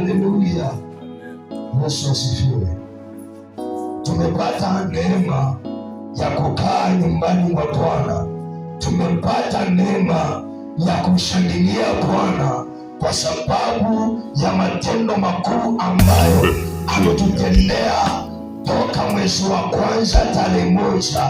Haleluya, Yesu asifiwe. Tumepata neema ya kukaa nyumbani mwa Bwana, tumepata neema ya kumshangilia Bwana kwa sababu ya matendo makuu ambayo ametutendea toka mwezi wa kwanza tarehe moja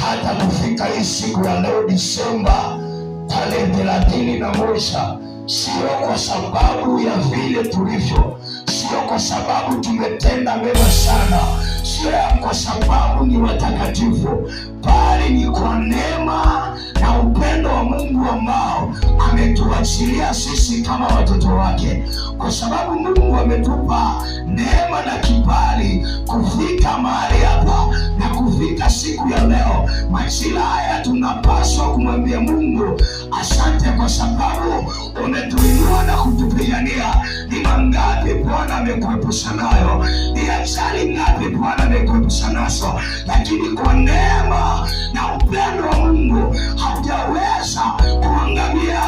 hata kufika hii siku ya leo Disemba tarehe thelathini na moja sio kwa sababu ya vile tulivyo, sio kwa sababu tumetenda mema sana, sio kwa sababu ni watakatifu, bali ni kwa neema na upendo wa Mungu ambao ametuachilia sisi kama watoto wake, kwa sababu Mungu ametupa neema na kibali kufika mahali hapa na kufika siku ya leo, majira haya tunapaswa kumwambia Mungu sababu umetuinua na kutupigania. Ni mangapi Bwana amekuepusha nayo? Ni ajali ngapi Bwana amekuepusha nazo? Lakini kwa neema na upendo wa Mungu haujaweza kuangamia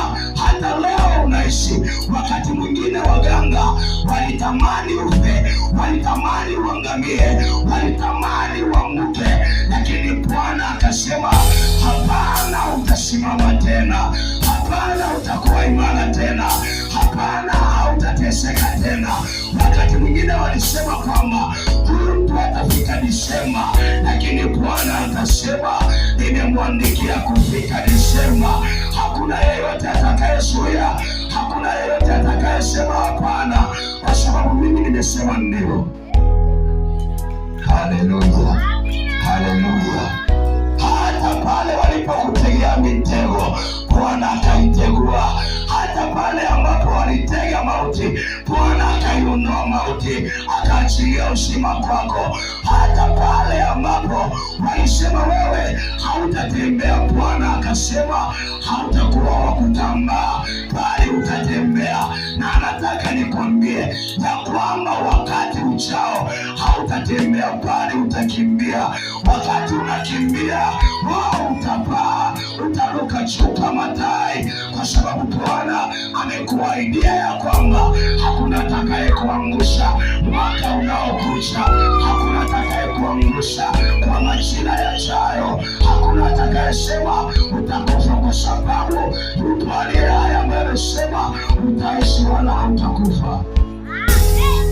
hata leo unaishi. Wakati mwingine waganga walitamani ufe, walitamani uangamie, walitamani uanguke, lakini Bwana akasema hapana, utasimama tena utakuwa imara tena, hapana, hautateseka tena. Wakati mwingine walisema kwamba huyu mtu atafika Disemba, lakini Bwana atasema nimemwandikia kufika Disemba. Hakuna yeyote atakayezuia, hakuna yeyote atakayesema hapana, kwa sababu mimi nimesema ndio. Haleluya, haleluya. mauti, Bwana ataiondoa mauti mbinguni, akaachilia uzima kwako, hata pale ambapo walisema wewe hautatembea. Bwana akasema hautakuwa wa kutambaa, bali utatembea. Na anataka nikwambie ya kwamba wakati uchao hautatembea, bali utakimbia. Wakati unakimbia wao, utapaa, utaruka juu kama tai, kwa sababu Bwana amekuahidia ya kwamba hakuna atakayekuangusha mwaka unaokuja hakuna atakayekuangusha kwa majira yajayo, hakuna atakayesema utakufa, kwa sababu mtu aliye hai ambaye amesema utaishi wala hautakufa.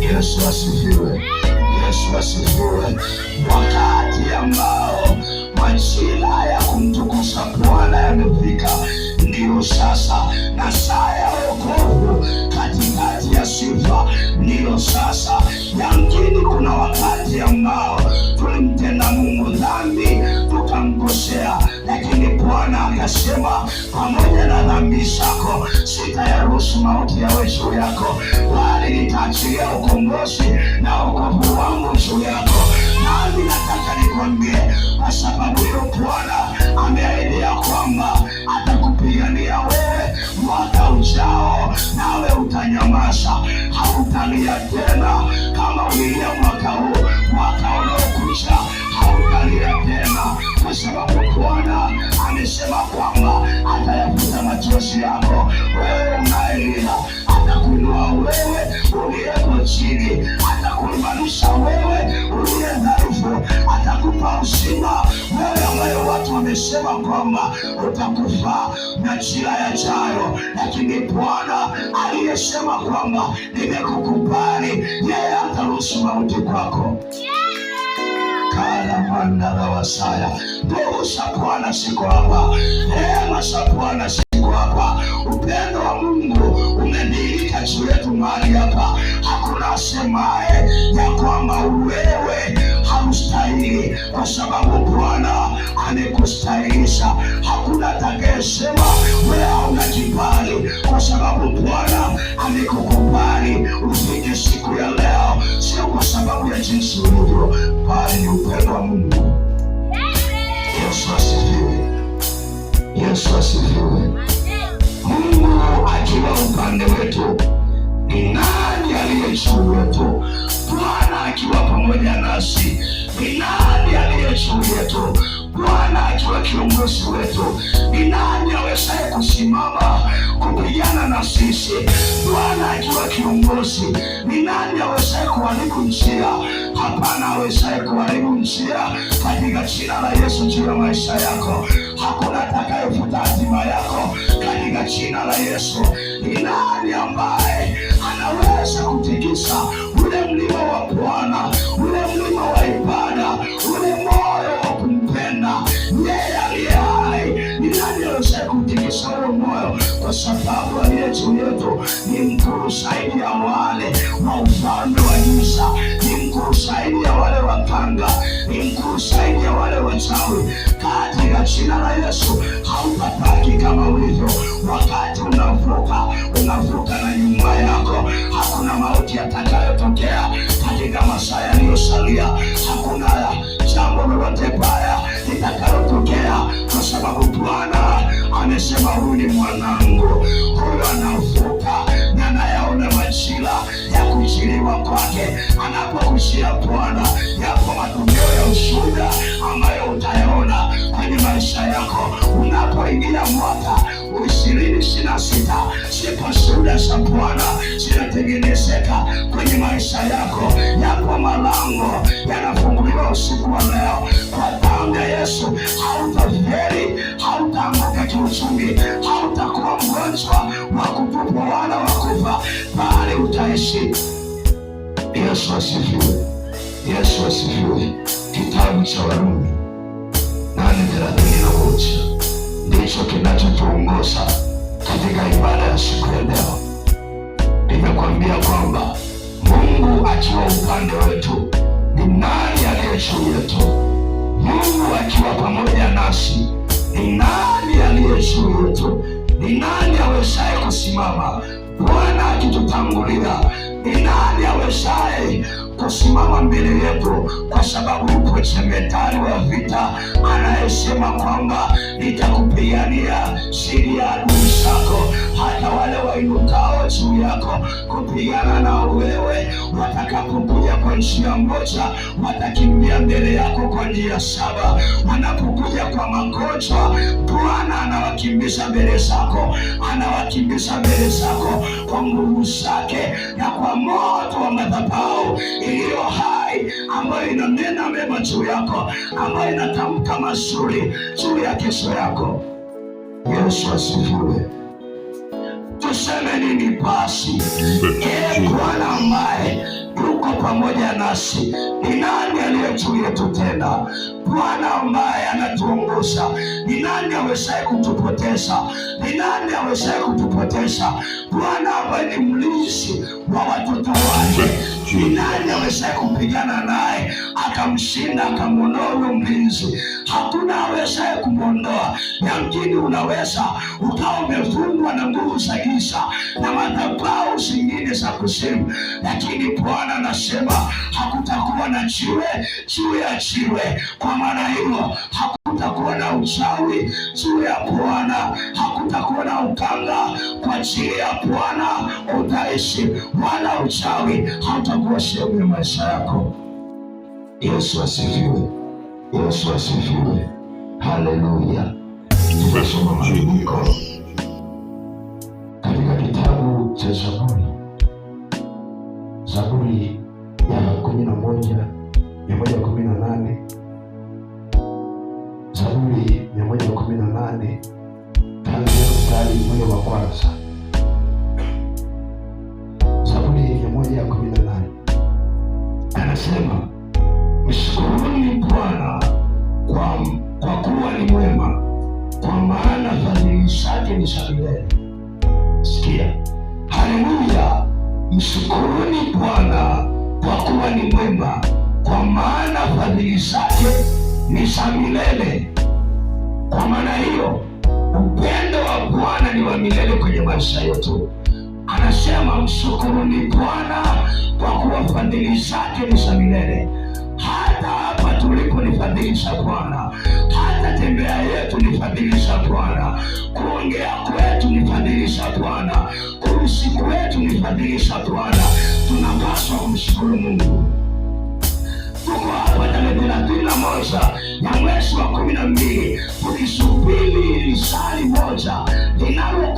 Yesu asifiwe, Yesu asifiwe. Wakati ambao majira ya kumtukuza Bwana yamefika, ndiyo sasa na saa ya wokovu kati sifa nilo sasa. Yamkini kuna wakati ambao tulimtenda Mungu dhambi, tukamkosea, lakini Bwana akasema, pamoja na dhambi zako sitayaruhusu mauti yawe juu yako, bali nitaachilia ukombozi na wokovu wangu juu yako. Nami nataka nikwambie, kwa sababu hiyo Bwana ameahidi ya kwamba atakupigania wewe mpaka uzao, nawe utanyamaza, hautalia tena kama ulia mwaka huu, mwaka unaokuja hautalia tena, kwa sababu Bwana amesema kwamba atayafuta machozi yako. Wewe unaelia, atakuinua wewe kwamba utakufa majira yajayo, lakini Bwana aliyesema kwamba nimekukubali, yeye ataruhusu mauti kwako kalamandalawasaya nguvu za Bwana siko hapa, neema za Bwana siko hapa, upendo wa Mungu umedilika juu yetu mahali hapa. Hakuna asemaye ya kwamba wewe hii, kwa sababu Bwana amekustahilisha. Hakuna atakayesema wewe hauna kibali, kwa sababu Bwana amekukubali ufike siku ya leo, sio kwa sababu ya jinsi ulivyo, bali ni upendo wa Mungu. Yesu asifiwe! Yesu asifiwe! Mungu akiwa upande wetu, ni nani aliye juu yetu? Bwana akiwa pamoja nasi ni nani aliyejuu Bwana akiwa kiongozi wetu, ni nani awezaye kusimama kupigana na sisi? Bwana akiwa kiongozi, ni nani awezaye kuharibu njia? Hapana awezaye kuharibu njia katika jina la Yesu juu ya maisha yako. Hakuna atakayefuta hatima yako katika jina la Yesu. katika jina la Yesu. Hautapaki kama ulivyo. Wakati unavuka, unavuka na nyumba yako. Hakuna mauti yatakayotokea katika masaa yaliyosalia. Hakuna jambo lolote baya litakayotokea, kwa sababu Bwana amesema, huyu ni mwanangu, huyu anavuka na anayaona majira ya kuchiliwa kwake. Anapokushia Bwana, yapo matokeo ya uzuri yako unapoingia mwaka ishirini ishirini na sita siposhuhuda za Bwana zinatengenezeka kwenye maisha yako. Yako malango yanafunguliwa usiku wa leo kwa damu ya Yesu. Hautaferi, hautaanguka kiuchumi, hautakuwa mgonjwa wa kutupwa wala wa kufa, bali utaishi. Yesu asifiwe! Yesu asifiwe! Kitabu cha Warumi nane thelathini sauti ndicho kinachotuongoza katika ibada ya siku ya leo. Nimekuambia kwamba Mungu akiwa upande wetu, ni nani aliye juu yetu? Mungu akiwa pamoja nasi, ni nani aliye juu yetu? Ni nani awezaye kusimama? Bwana akitutangulia, ni nani awezaye kusimama mbele yetu, kwa sababu uko jemadari wa vita anayesema kwamba nitakupigania siri ya adui zako, hata wale wainukao juu yako kupigana na wewe watakapokuja kwa njia moja watakimbia mbele yako kwa njia saba. Wanapokuja kwa magonjwa, Bwana anawakimbiza mbele zako, anawakimbiza mbele zako kwa nguvu zake na kwa moto wa madhabahu iliyo hai ambayo inanena mema juu yako, ambayo inatamka mazuri juu ya kesho yako. Yesu asifiwe. Tuseme nini basi? Ee Bwana ambaye yuko pamoja nasi. Ni nani aliye juu yetu tena? Bwana ambaye anatuongoza. Ni nani awezaye kutupoteza? Ni nani awezaye kutupoteza? Bwana ambaye ni mlinzi wa watoto wake. Ni nani awezaye kupigana naye akamshinda, akamwondoa huyo mlinzi? Hakuna awezaye kumwondoa. Yamkini unaweza ukawa umefungwa na nguvu za giza na madhabahu zingine za kusimu lakini Bwana Bwana anasema hakutakuwa na jiwe juu ya jiwe, kwa maana hiyo hakutakuwa na uchawi juu ya Bwana, hakutakuwa na upanga kwa ajili ya Bwana utaishi, wala uchawi hautakuwa sehemu ya maisha yako. Yesu asifiwe! Yesu asifiwe! Haleluya! Tumesoma maandiko katika kitabu cha Zaburi ya kumi na moja mia moja kumi na nane Zaburi mia moja kumi na nane tangia mstari ule wa kwanza. Zaburi mia moja kumi na nane anasema mshukuruni Bwana kwa, kwa kuwa ni mwema, kwa maana fadhili zake ni za milele. Sikia Mshukuruni Bwana kwa kuwa ni mwema, kwa maana fadhili zake ni za milele. Kwa maana hiyo upendo wa Bwana ni wa milele kwenye maisha yetu. Anasema mshukuruni Bwana kwa kuwa fadhili zake ni za milele hata yetu liko Bwana, hata tembea yetu nifadhilisha Bwana, kuongea kwetu nifadhilisha Bwana, kuishi kwetu nifadhilisha Bwana. Tunapaswa kumshukuru Mungu. Tuko hapa tarehe thelathini na moja ya mwezi wa kumi na mbili tukisubiri lisali moja linalo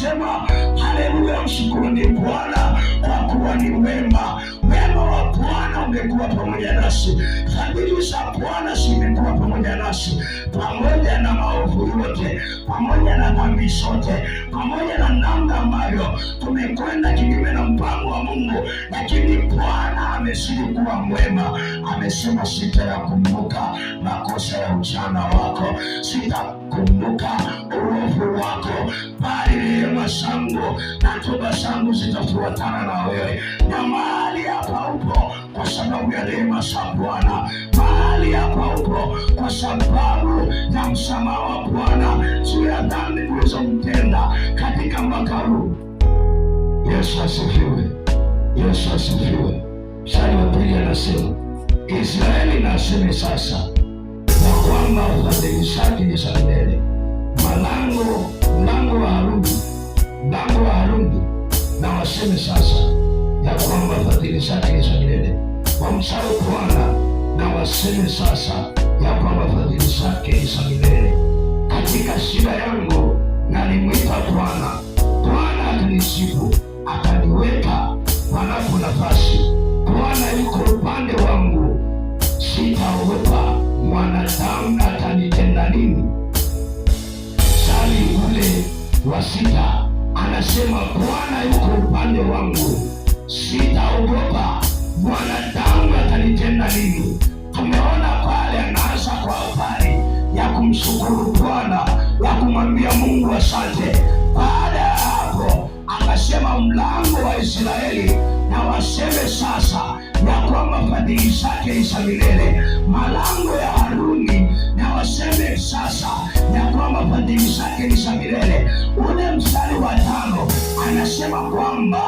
Sema haleluya, mshukuruni Bwana kwa kuwa ni mwema. Wema wa Bwana umekuwa pamoja nasi, fadhili za Bwana zimekuwa pamoja nasi, pamoja na maovu yote, pamoja na dhambi zote, pamoja na namna ambayo tumekwenda kinyume na mpango wa Mungu, lakini Bwana amezidi kuwa mwema. Amesema, sitayakumbuka makosa ya ujana wako sita kumbuka urofu wako, bali rehema zangu na toba zangu zitafuatana na wewe. Na mahali hapa upo kwa sababu ya rehema za Bwana, mahali hapa upo kwa sababu ya msamaha wa Bwana juu ya dhambi ulizomtenda katika mwaka huu. Yesu asifiwe, Yesu asifiwe. Mstari wa pili anasema Israeli, naseme sasa ambao waliisafirisha mbele, malango mlango wa harudi mlango wa harudi, na waseme sasa ya kwamba waliisafirisha mbele, wamsahau Bwana na waseme sasa ya kwamba waliisafirisha mbele. Katika shida yangu nalimwita Bwana, Bwana atanisifu, ataniweka panapo nafasi. Bwana yuko upande wangu, sitaogopa mwanadamu atanitenda nini? sali ule wa sita anasema Bwana yuko upande wangu, sitaogopa mwanadamu atanitenda nini? Tumeona pale anaanza kwa habari ya kumshukuru Bwana, ya kumwambia Mungu asante. Baada ya hapo, akasema mlango wa Israeli na waseme sasa na kwamba fadhili zake ni milele. Malango ya Haruni na waseme sasa ya kwamba fadhili zake ni milele. Ule mstari wa tano anasema kwamba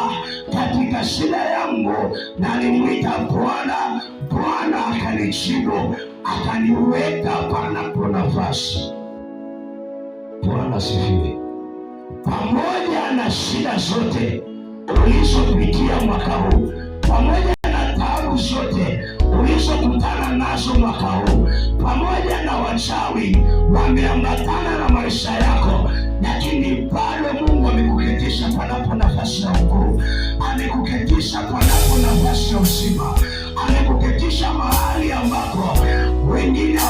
katika shida yangu nalimwita Bwana, Bwana akanijibu akaniweka panapo nafasi. Bwana sifiwe. Pamoja na shida zote ulizopitia mwaka huu, pamoja sababu zote ulizokutana nazo mwaka huu pamoja na wachawi wameambatana na maisha yako, lakini bado Mungu amekuketisha panapo nafasi ya ukuu, amekuketisha panapo nafasi ya uzima, amekuketisha mahali ambapo wengine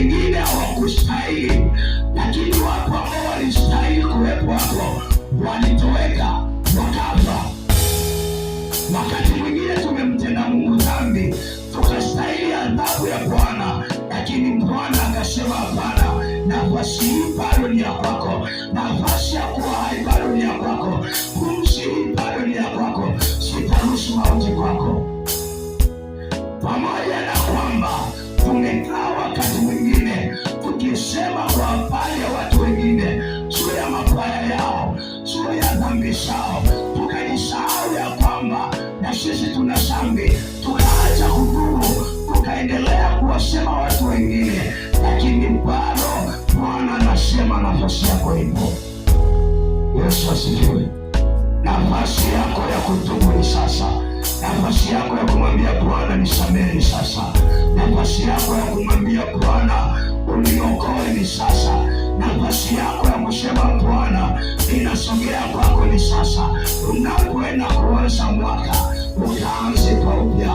wengine hawakustahili, lakini wapo ambao walistahili kuwepo hapo, walitoweka wakafa. Wakati mwingine tumemtenda Mungu dhambi, tukastahili adhabu ya Bwana, lakini Bwana akasema hapana, nafasi hii bado ni ya kwako, nafasi ya kuwa hai bado ni ya kwako. nafasi yako ipo. Yesu asifiwe. Nafasi yako ya kutubu ni sasa. Nafasi yako ya kumwambia Bwana ni nisamehe ni sasa. Nafasi yako ya kumwambia Bwana uniokoe ni sasa. Nafasi yako ya kusema Bwana ninasogea kwako ni sasa, unakwenda kuanza mwaka uyaanze kwa upya,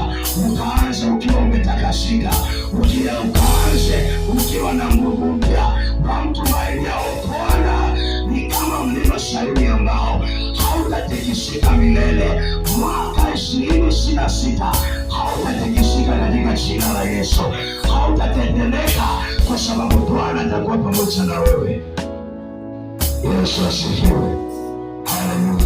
ukaanze ukiwa umetakasika, ukia ukaanze ukiwa na nguvu mpya. Wamtumaini yao Bwana ni kama mlima Sayuni ambao hautatikisika milele. Mwaka ishirini ishirini na sita hautatikisika katika jina la Yesu, hautatetemeka kwa sababu Bwana atakuwa pamoja na wewe. Yesu asifiwe. Haleluya.